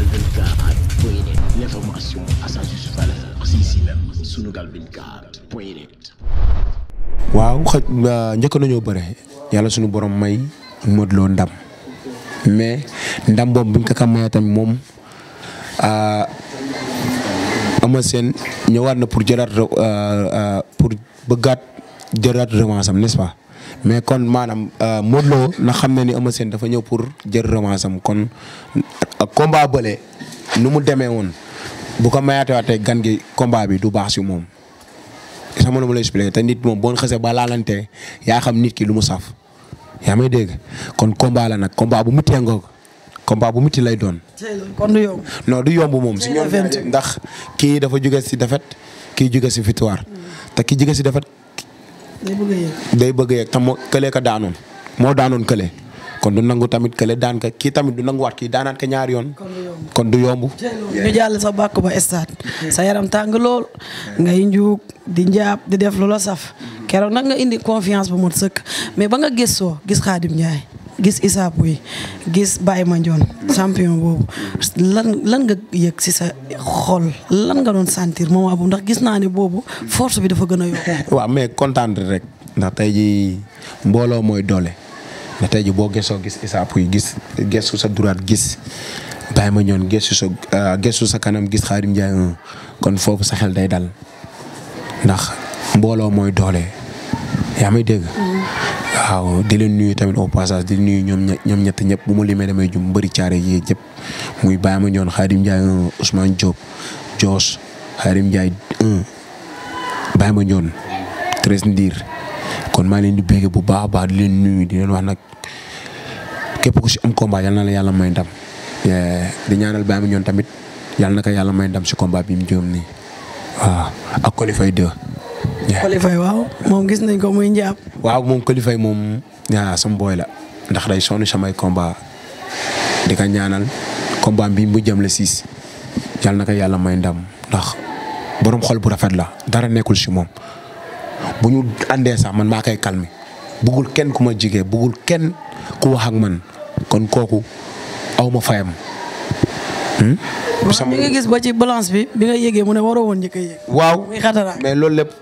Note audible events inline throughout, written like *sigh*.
Sunugal 24 point net l'information à sa waaw njëkk nañoo bëre yàlla sunu borom may Modou Lo ndam mais ndam boobu buñ ko ka mayee tamit moom ah, Eumeu Sène ñëwaat na pour jëlaat euh, euh, pour bëggaat jëlaat revanche am n'est-ce mais kon maanaam euh, Modou Lo na xam ne ni Eumeu Sène dafa ñëw pour jël revanche kon euh, combat bële nu mu demee woon bu ko mayaatee gan gi combat bi du baax si moom. sama nu ma lay te nit moom boo xasee ba laalante yaa xam nit ki lu mu saf yaa may dégg kon combat nag combat bu muttee ngoog combat bu mutti lay doon. yomb. moom. si ndax kii dafa jóge si défaite kii jóge si victoire mm. te ki jóge si défaite day bëgg a tam moo kële ka daanoon moo daanoon kële kon du nangu tamit kële daan ka kii tamit du nanguwaat kii daanaat ka ñaari yoon. kon du yomb. ñu jàll sa bàkk ba stade sa yaram tàng lool ngay njuug di njaab di def lu la saf keroog nag nga indi confiance bu mot sëkk mais ba nga gëstoo gis Khadim ñaay gis Issa yi gis Baye Mandione champion boobu lan lan nga yëg si sa xol lan nga doon sentir moment boobu ndax gis naa ne boobu force bi dafa gën a yokk. waaw mais kontaan rek ndax tey jii mbooloo mooy doole ndax tey jii boo gesoo gis Issa Pouye gis gesu sa duraat gis. bàyyi ma ñoon gëstu sa euh, gëstu sa kanam gis Xaadim Njaay kon foofu sa xel day dal ndax mbooloo mooy doole yaa may dégg. waaw di leen nuyu tamit au passage di nuyu ñoom ñoom ñett ñëpp bu ma limee damay jum bëri caare yi ñëpp muy Baye Ma Ndione Khadim Ndiaye 1 Ousmane Diop Dios Khadim Ndiaye 1 Baye Ma Ndione Tres Ndiir kon maa leen di béggee bu baax a baax di leen nuyu di leen wax nag képp ku am combat yal na la yàlla may ndam eh, di ñaanal Baye Ma Ndione tamit yàlla na ko yàlla may ndam si combat bi mu jëm nii waaw ak Coly Faye Coly Faye waaw moom gis nañ ko muy njaab. waaw moom Coly Faye moom ñaa sama booy la ndax day sonn samay komba di ko ñaanal combat bi mu jëm la siis yàlla na ko yàlla may ndam ndax borom xol bu rafet la dara nekkul si moom bu ñu àndee sax man maa koy calmer bëggul kenn ku ma jigee bëggul kenn ku wax ak man kon kooku aw ma fayam. Hmm? sama nga gis ba ci balance bi bi nga yëgee mu ne waroo woon njëkk a yëg. waaw mais loolu lépp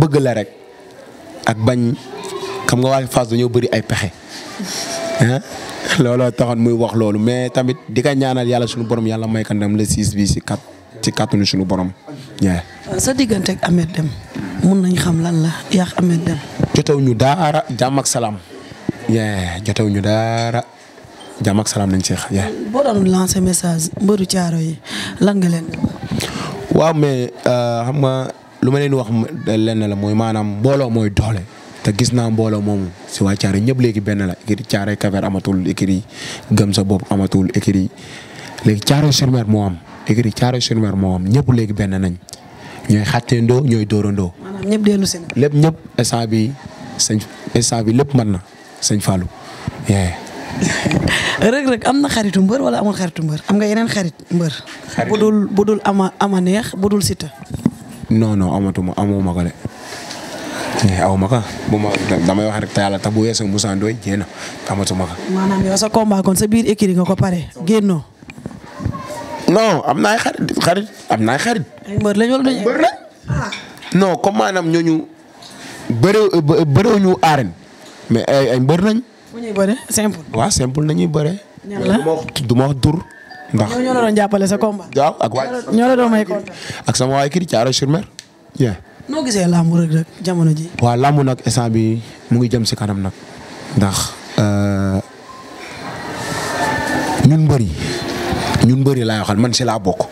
bëgg la rek ak bañ xam nga waa Fass dañoo bëri ay pexe ah looloo taxoon muy wax loolu mais tamit di ka ñaanal yàlla suñu borom yàlla may ka ndam le 6 bi si kat ci kàttanu suñu borom. Euh, sa diggante ak Ameth Deme mun nañ xam lan la yàq Ameth Deme. jotewu ñu daara jàmm ak salaam. jotewu ñu daara. jàmm ak salaam lañ see xaj. boo message mbëru caaro yi lan nga leen waaw mais euh, xam nga lu ma leen wax lenn la mooy maanaam mbooloo mooy doole te gis naa mbooloo moomu si waa caaro ñëpp léegi benn la écurie Thiaroye Kaver amatul écurie gëm sa bopp amatul écurie léegi Thiaroye sur Mer moo am écurie Thiaroye sur moo ñëpp léegi benn nañ ñooy xàtteendoo ñooy dóorandoo. maanaam ñëpp dellu si lépp ñëpp instant bi sëñ instant bi lépp mën na sëñ Fallou. *laughs* Reug Reug am na xaritu mbër wala amul xaritu mbër am nga yeneen xarit mbër. bu dul bu dul ama neex bu dul Siteu. non non amatuma amuma ko de. Eh, aw ma ko bu ma damay wax rek bu weesoo Moussa Ndoye jéem a sa biir écrit nga ko pare génnoo. am na ay xarit xarit am na ay xarit. ay mbër lañ wala duñ mbër lañ. non comme ñu aareen mais ay mbër lañ. bu ñuy bëre simple. waaw simple nañuy bëre. wax dur. ndax ñoo la doon jàppale sa combat. waaw ak waay ñoo la doon may contact. ak sama jamono ji. waaw làmb nag instant bi mu ngi jëm si kanam nag. ndax euh, ñun mbëri ñun mbëri laay waxal man si laa bokk.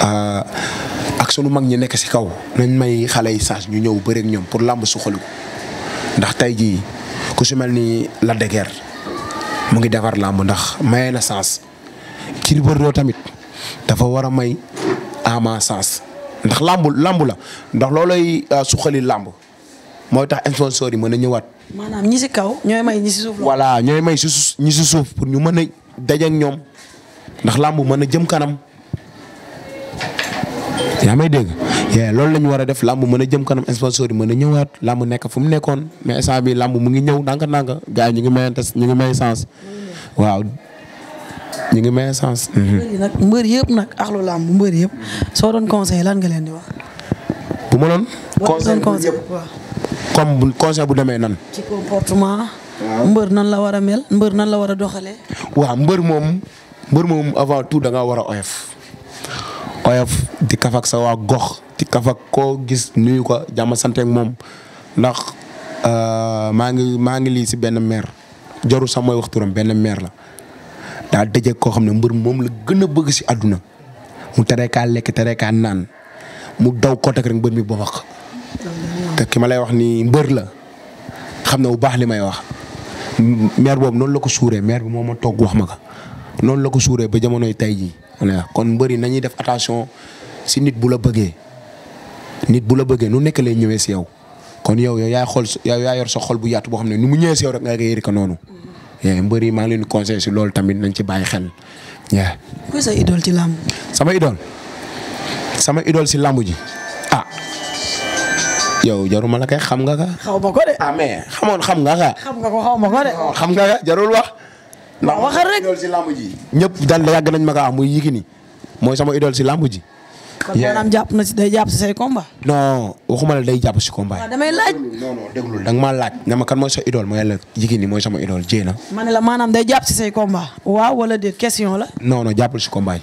Euh, ak sunu mag ñi nekk si kaw. nañ may xale yi saas ñu ñëw bëreeg ñoom pour làmb suqaliku ndax tey jii. ku si mel ni la de mu ngi defar làmb ndax maye na sens Gris Bordeaux tamit dafa war a may Ama sens ndax lambu làmb la ndax loolay euh, suqali làmb mooy tax sponsor yi mën a ñëwaat. ñi si kaw ñooy may ñi si suuf. voilà ñooy may si ñi si suuf pour ñu mën a daje ak ñoom ndax làmb mën a jëm kanam yaa may dégg. yee loolu la ñu war a def lamb mën a jëm kanam sponsor yi mën a ñëwaat làmb nekk fu mu nekkoon mais instant bi làmb mu ngi ñëw ndànk ndànk gars ñu ngi mayante ñu ngi may sens waaw ñu ngi may sens. mbër yi yëpp nag axlu lamb mbër yëpp soo doon conseil lan nga leen di wax. bu ma doon. conseil conseil comme conseil bu demee nan. ci comportement. mbër nan la war a mel mbër nan la war a doxalee. waaw mbër moom mbër moom avant tout da nga war a oyof oyof di kafak sa gox. ci koo gis nuyu ko jàmm sant moom ndax euh, maa ngi maa ngi lii si benn maire jarul sax mooy waxturam benn meer la daa dëjëk koo xam ne mbër moom la gën a bëgg si àdduna mu tereekaa lekk tereekaa naan mu daw kotak rek mbër mi boobaq te ki ma lay wax nii mbër la xam ne bu baax li may wax maire boobu noonu la ko suuree maire bi moom ma toog wax ma ko noonu la ko suuree ba yi tey jii kon mbër yi nañuy def attention si nit bu la bëggee nit bu la bëggee nu nekk lay ñëwee si yow kon yow yow yaay xool yow yaa yor xol bu yaatu boo xam ne nu mu ñëwee si yow rek nga yëri ko noonu. Eh, mbër yi maa leen di conseillé si loolu tamit nañ ci bàyyi xel. kuy sa ci làmb. sama idole sama idole si làmb ji ah. yow xam nga ka. Ah, xam nga ka. xam nga ko xaw ma ko de. Oh, ka jarul wax. waxal rek ndax idole si làmb nañ ma ka wax muy mooy sama idole si làmb ji. kon maanaam na si day jàpp si say combat. non waxuma la day jàpp si combat yi. waaw ah, damay laaj. non non da nga maa laaj. ne ma kan mooy sa idole mooy la jigéen ñi mooy sama idole jéey na. ma ne la maanaam day jàpp si say combat. waaw wala déet question la. non non jàppul si combat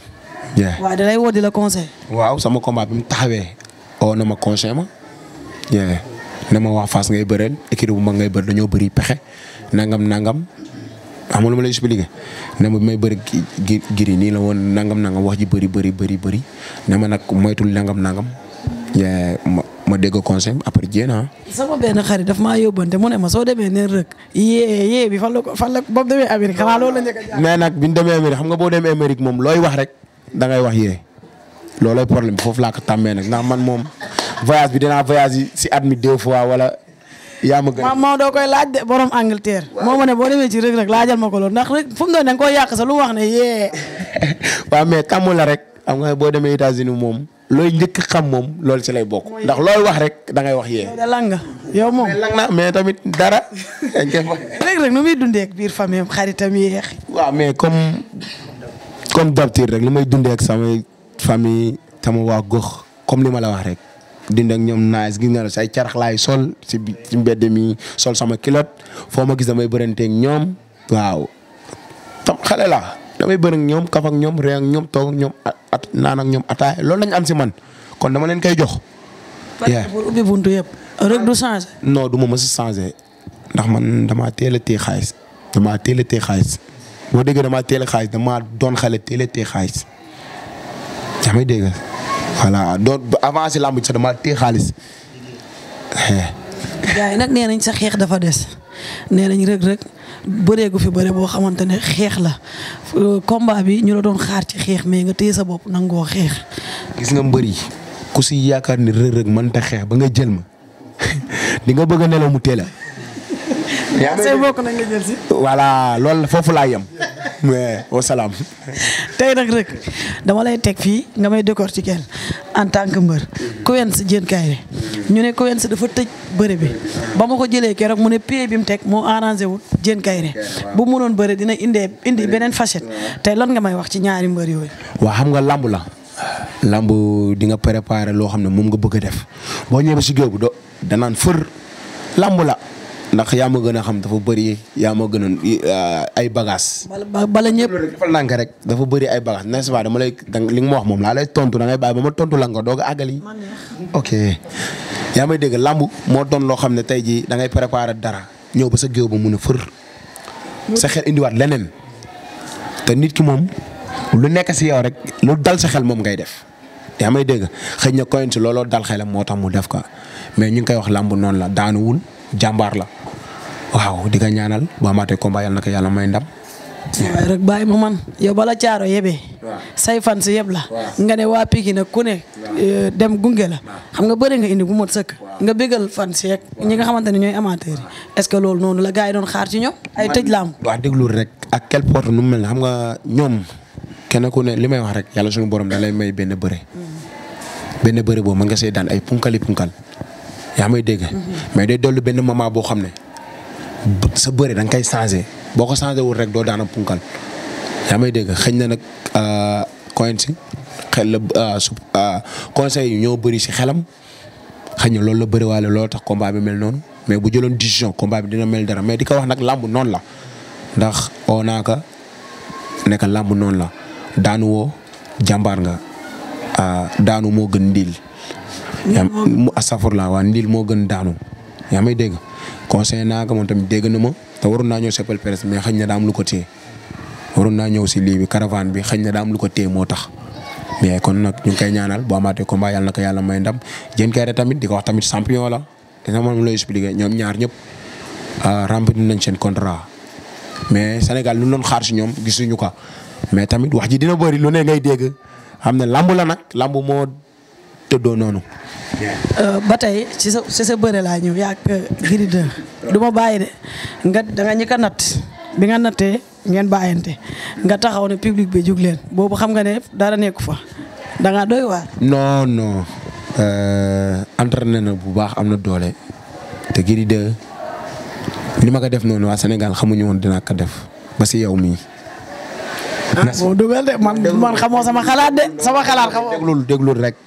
yi. waaw da lay la conseil. waaw sama combat bi mu taxawee. oo na ma conseil ma. na ma waa Fass ngay bëreel équipe bu mag ngay bëri dañoo bëri pexe nangam nangam. xam nga lu ma lay expliqué ne ma bi may bëri gi giri nii la woon nangam nangam wax ji bëri bëri bëri bëri ne ma nag moytul nangam nangam ma ma dégg conseil après jéem a. sama benn xarit daf ma soo demee neen rek yee yee bi fan la ko fan la ba mu demee Amérique xanaa njëkk a jaar mais nag bi ñu laa ko tàmmee nag ndax man moom voyage bi dinaa voyage si at mi deux fois wala. yaa ma gën a ma doo koy laaj de borom Angleterre. waaw moo ma ne boo demee ci rek rek laajal ma ko loolu ndax rek fu mu doon da nga koo yàq sa lu wax ne yee. *laughs* waaw mais kàmm la rek xam nga boo demee États-Unis moom. looy njëkk xam moom loolu ci lay bokk. ndax looy wax rek da ngay wax yee. lang nga yow moom lang na mais tamit dara. *laughs* rek nu muy dundee biir famille am xaritam yeex. waaw mais comme comme d'habitude rek lu may dundeek ak samay famille sama waa gox comme li ma la wax rek. dind ak ñoom nice gis nga ne say carax laay sol si ci mbedd mi sol sama kilot foo ma gis damay bëranteeg ñoom waaw tam xale la damay bëri ñoom kaf ñoom ree ak ñoom toog ak ñoom at naan ak ñoom ataay loolu lañ am si man kon dama leen koy jox. parce que ubbi buntu yëpp du changé. non du ma mës a changé ndax man damaa teel a téye xaalis damaa teel a téye xaalis boo déggee damaa teel a xaalis damaa doon xale teel a téye xaalis yaa may voilà doon avant si làmb ji sax xaalis. *laughs* gars yi nag nee nañ sa xeex dafa des nee nañ Reug Reug bëree gu fi bëre boo xamante ne xeex la euh, combat bi ñu la doon xaar ci xeex mais nga téye sa bopp nangoo xeex. gis nga mbër yi ku si yaakaar ni Reug Reug mënta xeex ba nga jël ma *laughs* di nga bëgg a nelaw mu teel yaa ngi say voilà loolu foofu laa yem. mais wa salaam. tey nag rek dama lay teg fii nga may décortiquer en tant que mbër. Quench Diène Kairé ñu ne Quench dafa tëj bëre bi ba ma ko jëlee keroog mu ne pied bi mu teg moo arrangé wu Diène Kairé bu mu mënoon bëre dina indee indi beneen facette tey lan nga may wax ci ñaari mbër yooyu. waa xam nga lamb la. lamb di nga préparer loo xam ne moom nga bëgg a def boo ñëwee si géew bi do fër lamb la. ndax yaa ma gën a xam dafa bëri yaa ma gën a ah, ay bagages. bala bala ñëpp defal rek dafa bëri ay bagages n'est-ce pas dama lay li nga ma wax moom laa lay tontu da ngay bàyyi ba ma tontu la may dégg làmb moo doon loo xam ne tey jii da ngay préparer dara ñëw ba sa géew ba mun a fër. sa xel indiwaat leneen. te nit ki moom lu nekk si yow rek lu dal sa xel moom ngay def. yaa may dégg xëy na Coins looloo dal xelam moo tax mu def ko mais ñu ngi koy wax làmb noonu la daanuwul jàmbaar la. waaw di nga ñaanal bu amaatee combat yàlla na ko yàlla may ndam. rek bàyyi ma man yow bala caaro yebee say fan si yeb la nga ne waa Pikine nag ku ne eh, dem gunge la xam nga bëri nga indi bu mot sëkk nga bégal fan si yeeg ñi nga xamante ne ñooy amateurs yi ce que loolu noonu la gars yi doon xaar ci ñoom ay tëj laam waaw déglu rek ak nu mu mel ne xam nga ñoom kenn ku ne li may wax rek yàlla suñu borom da lay may benn bëre mm-hmm. benn bëre boobu mën nga see daan ay punkali punkal yaa may dégg mm-hmm. mais day dollu benn moment boo xam ne sa bëre da nga koy changé boo ko changé wul rek doo daana punkal yaa may dégg xëñ na nag euh, coin xel la euh, euh, conseil yi ñoo bëri si xelam xëñ na loolu la bëri waale loolu tax combat bi mel noonu mais bu jëloon décision combat bi dina mel dara mais di ko wax nag làmb noonu la ndax oo naa ka nekk làmb noonu la daanu woo jàmbaar nga daanu moo gën ndiil. ndiil moo gën asafur waa ndiil moo gën daanu yaa may dégg. conseil naa ko moom tamit dégg na ma te waroon naa ñëw si open presse mais xëy na daa lu ko téye waroon naa ñëw si lii bi caravane bi xëy na daa am lu ko téye moo tax. mais kon nag ñu ngi koy ñaanal bu amaatee combat yàlla na ko yàlla may ndam jën kay tamit di wax tamit champion la dina ma lay expliquer ñoom ñaar ñëpp ah, remplir nañ seen contrat mais Sénégal lu doon xaar si ñoom gisuñu ko mais tamit wax ji dina bëri lu ne ngay dégg xam ne lamb la nag lambu moo te tëddoo noonu. Euh, ba tey ci sa ci sa laa ñëw yaa euh, Gris 2 bàyyi de nga danga ñi ko natt bi nga nattee ngeen bàyyante nga taxaw ne public bi jug leen boobu xam nga ne dara nekku fa danga doy waar. non non euh, entraîné na bu baax am na doole te Gris 2 li ma ko def noonu waa Sénégal xamuñu woon dinaa ko def ba si yow mii. ah dugal de man xamoo sama xalaat de sama xalaat xamoo. déglul rek.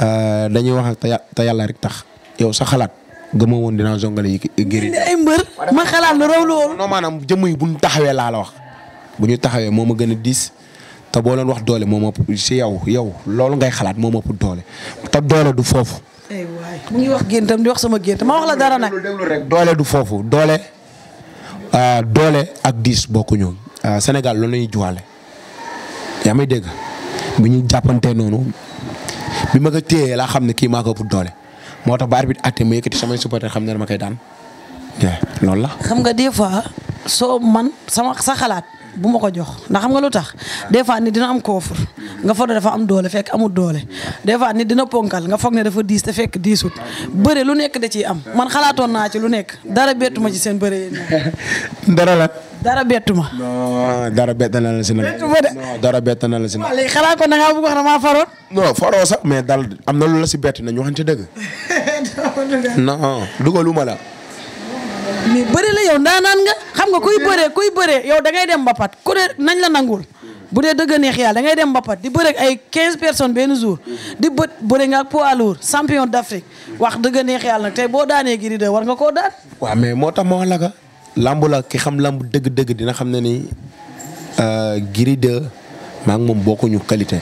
Euh, dañuy wax ak te yàlla rek tax yow sa xalaat gëma woon dinaa zongale yi gëri ay mbër ma xalaat lu raw loolu non jëmm yi bu ñu taxawee laa wax bu ñu taxawee moo ma gën a diis te boo leen wax doole moo ma si yow yow loolu ngay xalaat moo ma doole te doole du foofu. aywaay mu ngi wax géntam di wax sama géntam ma wax la dara nag. rek doole du foofu doole euh, doole ak diis bokkuñu euh, senegal loolu la ñuy juwaale yaa may dégg bu ñu jàppante noonu. bi ma ko téyee laa xam ne kii maa ko doole moo tax ba arbitre acté ma yëkkati samay supporter xam ne dama koy daan loolu la. xam nga des fois soo man sama sa xalaat bu ma ko jox ndax xam nga lu tax des fois nit dina am koofur nga foog ne dafa am doole fekk amul doole des fois nit dina ponkal nga foog ne dafa diis te fekk diisut bëre lu nekk da ciy am man xalaatoon naa ci lu nekk dara bettu ci seen bëre yéen *laughs* dara la. dara bettu ma. dara bett na la si nag. bettu ma de non na la si nag. waaw léegi xanaa kon da wax damaa faroon. non sax mais dal am na lu la si bett nañu waxante dëgg. *laughs* non dugaluma la. mais bëri la yow ndaanaan nga xam nga koy bëree kuy bëree yow da ngay dem mbapat ku ne nañ la nangul bu dee dëgg neex yàlla ngay dem mbapat di bëre ay 15 personnes benn jour di bët bëri nga ak poids lourd champion d'Afrique wax dëgg neex yàlla nag tey boo daanee giri war nga koo daan. waaw mais moo tax moo wax làmb la ki xam làmb dëgg-dëgg dina xam ne ni euh, Gris 2 moom bokkuñu qualité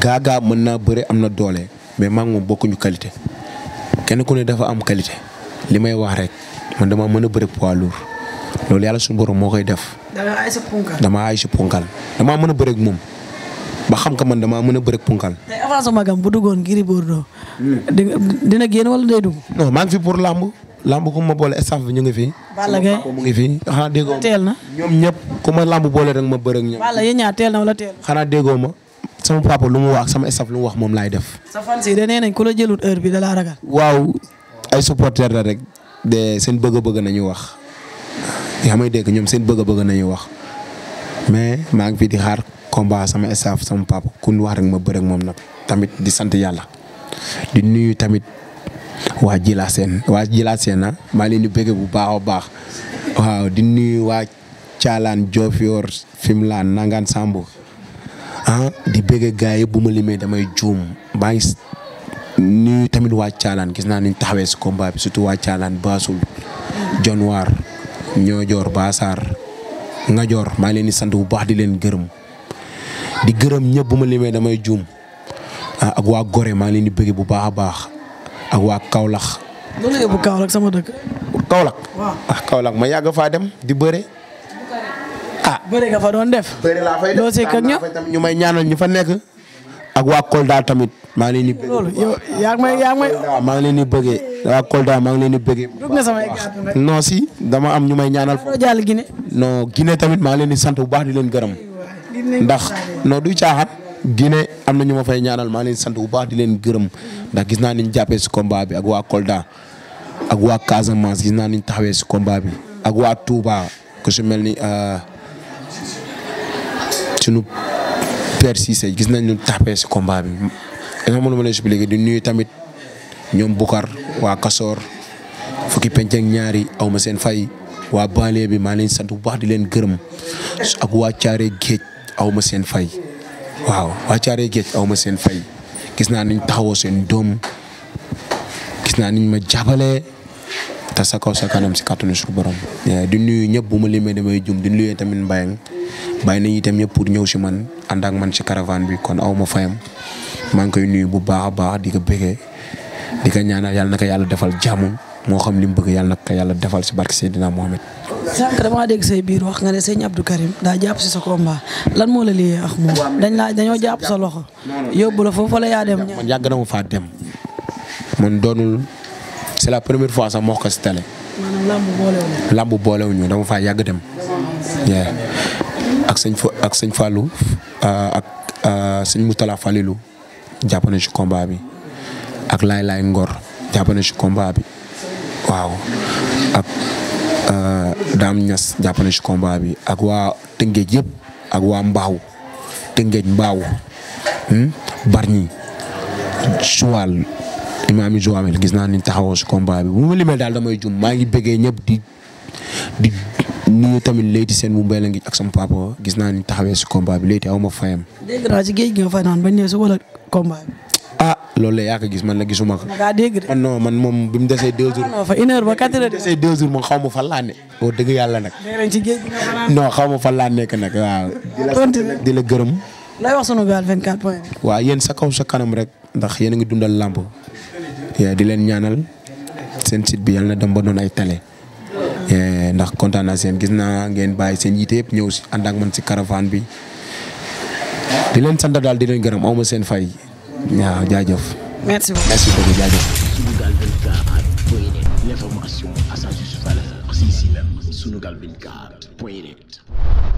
gaagaa mën naa bëre am na doole mais maa moom bokkuñu qualité kenn ku ne dafa am qualité li may wax rek man dama mën a bëre poids lourd yàlla suñu borom moo koy def. dama punkal dama ay damaa mën a bëre ak moom xam ka man damaa mën a bëre ak punkal. tey avance hmm. dina génn wala day dugg. non fi pour làmb. lamb ku ma boole staff bi ñu ngi fi. Balla Gaye mu ngi fi. xanaa déggoo ma teel na ñoom ñëpp ku ma lamb boole rek ma bëre ak ñoom. Balla yéen ñaar teel na wala teel. xanaa déggoo ma sama papa lu mu wax sama staff lu mu wax moom laay def. sa fan si de nee nañ ku la jëlul heure bi da laa ragal. waaw ay supporter la rek de seen bëgg-bëgg nañu wax yaa may dégg ñoom seen bëgg-bëgg nañu wax mais maa ngi fi di xaar combat sama staff sama papa ku ñu wax rek ma bëre ak moom nag tamit di sant yàlla di nuyu tamit. waa jilaa Sène waa Jila Sène ah maa leen di bëgg bu baax a baax waaw di nuyu waa Caalaan Jofior Fimlaan Nangan Samb ah di bëgg gars yi bu ma limee damay juum maa ngi tamit waa Caalaan gis naa ni taxawee si combat bi surtout waa Caalaan Baasul Jonwaar Ñoojoor Baasaar Ngajoor maa ngi leen di sant bu baax di leen gërëm di gërëm ñëpp bu ma limee damay juum ah ak waa Gore maa ngi leen di bëgg bu baax a baax. ak waa Kaolack. lu sama dëkk. Kaolack. waaw ah Kaolack ma yàgg faa dem di bëre. ah bëre nga doon def. bëre laa ñu may ñaanal ñu fa nekk. ak waa Kolda tamit maa ngi leen di. yaa ngi may maa ngi leen di bëggee waa maa ngi leen di bëggee. nga sama si dama am ñu may ñaanal. foofu jàll Guinée. non Guinée tamit maa ngi leen di sant bu baax di leen gërëm. ndax non du caaxaan. Guinée am na ñu ma fa ñaanal maa leen sant bu baax di leen gërëm ndax gis naa ni ñu jàppee si combat bi ak waa Kolda ak waa Casamance gis naa niñ ñu taxawee si combat bi ak waa Touba ku si mel ni euh, sunu père Cissé gis nañ ñu taxawee si combat bi. dama mënu ma di nuyu tamit ñoom Bukar waa Kasoor fukki penc ñaari aw ma seen fay waa banlieue bi maa leen sant bu baax di leen gërëm ak waa Caare Géej aw ma seen fay. waaw waa Caaroy Géej aw ma seen fay gis naa niñ taxawoo seen doom gis naa niñ ma jàppalee te sa kaw sa kanam si kàttanu suñu borom. Eh, di nuyu ñëpp bu ma limee damay jum di nuyu tamit Mbayang bàyyi ñuy itam ñëpp pour ñëw si man ànd ak man si caravane bi kon aw ma fayam maa ngi koy nuyu bu baax a baax di ko bëggee di ko ñaanal yàlla na ko yàlla defal jàmm moo xam li mu bëgg yàlla na yàlla defal si barke Seydina Mohamed. sànq damaa dégg say biir wax nga ne sëñ Abdou Karim daa jàpp si sa combat lan moo la liyee ak moom dañ laa dañoo jàpp sa loxo yóbbu la foofu la yaa dem. man yàgg na mu faa dem man doonul c'est la première fois sax moo ko si télé. maanaam lambu boolewuñu. lambu boolewuñu dama faa yàgg dem. ak sëñ ak sëñ Fallou uh, ak uh, sëñ Moutala Falilou jàpp na si combat bi ak Laay Laay Ngor jàpp na si combat bi waaw uh, daam ñas jàppale ci bi ak waa Tëngéej yépp ak waa Mbaaw Tëngéej Mbaaw hmm, Bargny Joal imaam yi Joal gis naa ni taxawoo ci combat bi bu ma lima daal damay jum maa ngi bëggee ñëpp di di tamit léegi seen bu mbéy la ngi ak sama papa gis naa ni taxawee ci combat bi léyti aw ma fayam. dégg nga fay naan bañ wala combat ah loolu la yaa ko gis man na gisuma ko. Ah, man moom bi mu desee deux jours. Ah, non fa une heure ba desee moom xaw ma fan laa ne. oo dëgg yàlla nag. ci géej gi laa nekk nag waaw. di la gërëm. lay wax sunu gaal yéen sa kaw sa kanam rek ndax yéen a ngi dundal làmb. Eh, di leen ñaanal seen site bi yàlla na dem ba doon ay télé. Eh, ndax kontaan naa seen gis naa ngeen bàyyi seen yiite yëpp ñëw si ànd ak man si caravane bi. di leen sant daal di leen gërëm aw ma seen fay. waaw jaajëf. merci beaucoup merci beaucoup jaajëf. l'information à